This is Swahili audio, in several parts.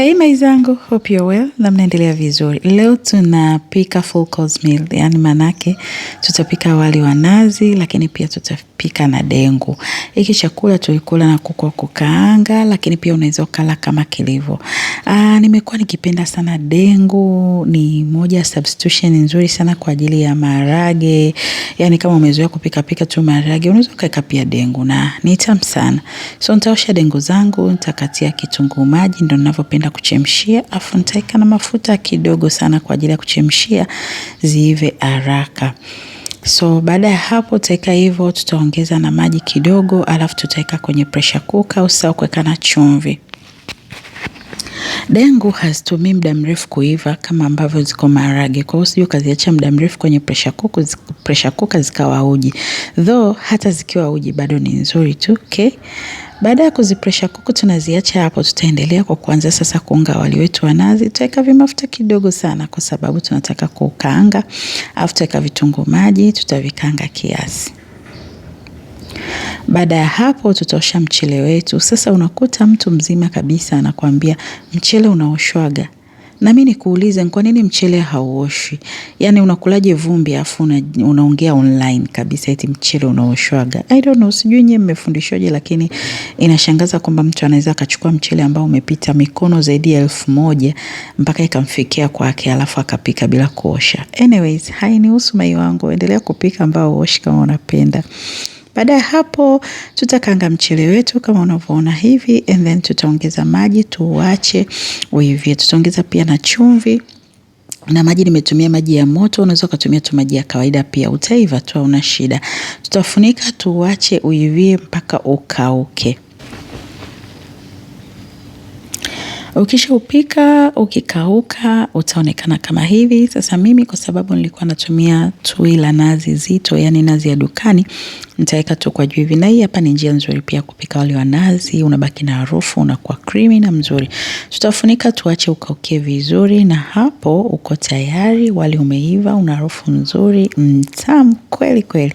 Hey zangu, hope you're well na mnaendelea vizuri. Leo tunapika full course meal, yani manake tutapika wali wa nazi, lakini pia tutapika na dengu. Hiki chakula tulikula na kuku kukaanga, lakini pia unaweza ukala kama kilivyo. Ah, nimekuwa nikipenda sana dengu, ni moja substitution nzuri sana kwa ajili ya maharage. Yani kama umezoea kupika pika tu maharage, unaweza ukaweka pia dengu na ni tamu sana. So nitaosha dengu zangu, nitakatia kitunguu maji, ndio ninavyopenda ya kuchemshia, afu nitaweka na mafuta kidogo sana kwa ajili ya kuchemshia ziive haraka. So baada ya hapo tutaweka hivyo, tutaongeza na maji kidogo, alafu tutaweka kwenye pressure cooker. Usisahau kuweka na chumvi. Dengu hazitumii muda mrefu kuiva kama ambavyo ziko maharage. Kwa hiyo usije ukaziacha muda mrefu kwenye pressure cooker, pressure cooker zikawa uji. Though hata zikiwa uji bado ni nzuri tu, okay? Baada ya kuzipresha kuku, tunaziacha hapo. Tutaendelea kwa kuanza sasa kuunga wali wetu wa nazi. Tutaweka vimafuta kidogo sana, kwa sababu tunataka kukaanga, alafu tutaweka vitunguu maji, tutavikanga kiasi. Baada ya hapo tutaosha mchele wetu. Sasa unakuta mtu mzima kabisa anakuambia mchele unaoshwaga na mimi nikuulize, kwa nini mchele hauoshwi? yani unakulaje vumbi afu una, unaongea online kabisa eti mchele unaoshwaga? I don't know, sijui nyie mmefundishwaje, lakini inashangaza kwamba mtu anaweza akachukua mchele ambao umepita mikono zaidi ya elfu moja mpaka ikamfikia kwake, alafu akapika bila kuosha. Anyways, hainihusu mai wangu, endelea kupika ambao uoshi kama unapenda. Baada ya hapo tutakanga mchele wetu kama unavyoona hivi and then tutaongeza maji tuache uivie. Tutaongeza pia na chumvi na maji nimetumia maji ya moto, unaweza ukatumia tu maji ya kawaida pia, utaiva tu, hauna shida. Tutafunika tuache uivie mpaka ukauke. ukisha upika ukikauka, utaonekana kama hivi. Sasa mimi kwa sababu nilikuwa natumia tui la nazi zito, yani nazi ya dukani, nitaweka tu kwa juu hivi, na hii hapa ni njia nzuri pia kupika wali wa nazi, unabaki na harufu, unakuwa creamy na mzuri. Tutafunika tuache ukaukie vizuri, na hapo uko tayari. Wali umeiva, una harufu nzuri, mtamu kweli kweli.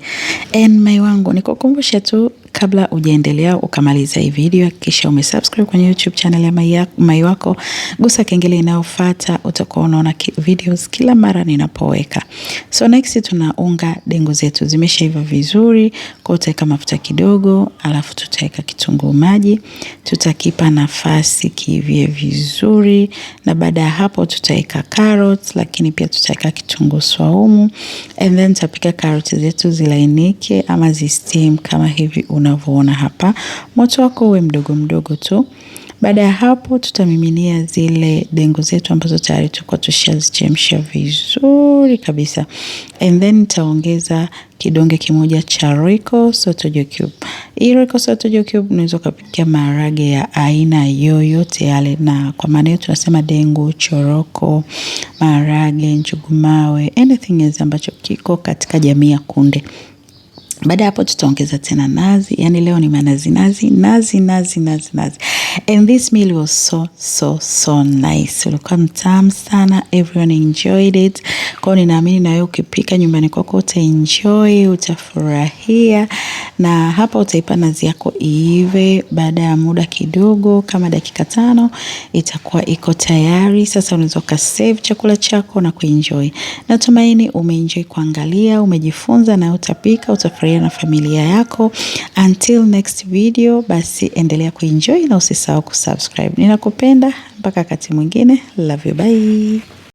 And my wangu, nikukumbushe tu Kabla ujaendelea ukamaliza hii video, hakikisha umesubscribe kwenye YouTube channel ya Mai Wako, gusa kengele inayofuata, utakuwa unaona videos kila mara ninapoweka. So next tunaunga dengu zetu, zimeshaiva vizuri, kwa utaweka mafuta kidogo, alafu tutaweka kitunguu maji, tutakipa nafasi kiivie vizuri, na baada ya hapo tutaweka carrots, lakini pia tutaweka kitunguu swaumu and then tutapika carrots zetu zilainike ama zisteam kama hivi una unavyoona hapa. Moto wako uwe mdogo mdogo tu. Baada ya hapo, tutamiminia zile dengu zetu ambazo tayari tulikuwa tushazichemsha vizuri kabisa, and then nitaongeza kidonge kimoja cha Royco sotojo cube. Hii Royco sotojo cube unaweza ukapikia maharage ya aina yoyote yale, na kwa maana hiyo tunasema dengu, choroko, maharage, njugumawe, anything else ambacho kiko katika jamii ya kunde. Baada ya hapo tutaongeza tena nazi, yani leo ni manazi nazi nazi nazi nazi nazi and this meal was so so so nice, ulikuwa mtamu sana, everyone enjoyed it. Kwa hiyo ninaamini na wewe ukipika nyumbani kwako utaenjoy, utafurahia, na hapa utaipa nazi yako iive. Baada ya muda kidogo, kama dakika tano, itakuwa iko tayari. Sasa unaweza ukasave chakula chako na kuenjoy. Natumaini umeenjoy kuangalia, umejifunza na utapika, utafurahia na familia yako. Until next video, basi endelea kuenjoy na usisahau usisahau kusubscribe. Ninakupenda mpaka wakati mwingine. Love you, bye.